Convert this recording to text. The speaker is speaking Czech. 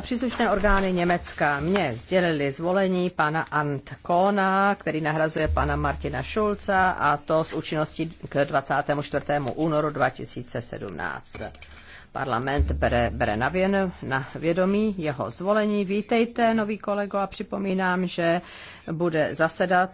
Příslušné orgány Německa mě sdělili zvolení pana Ant Kona, který nahrazuje pana Martina Šulca a to s účinností k 24. únoru 2017. Parlament bere, bere na, věn, na vědomí jeho zvolení. Vítejte, nový kolego, a připomínám, že bude zasedat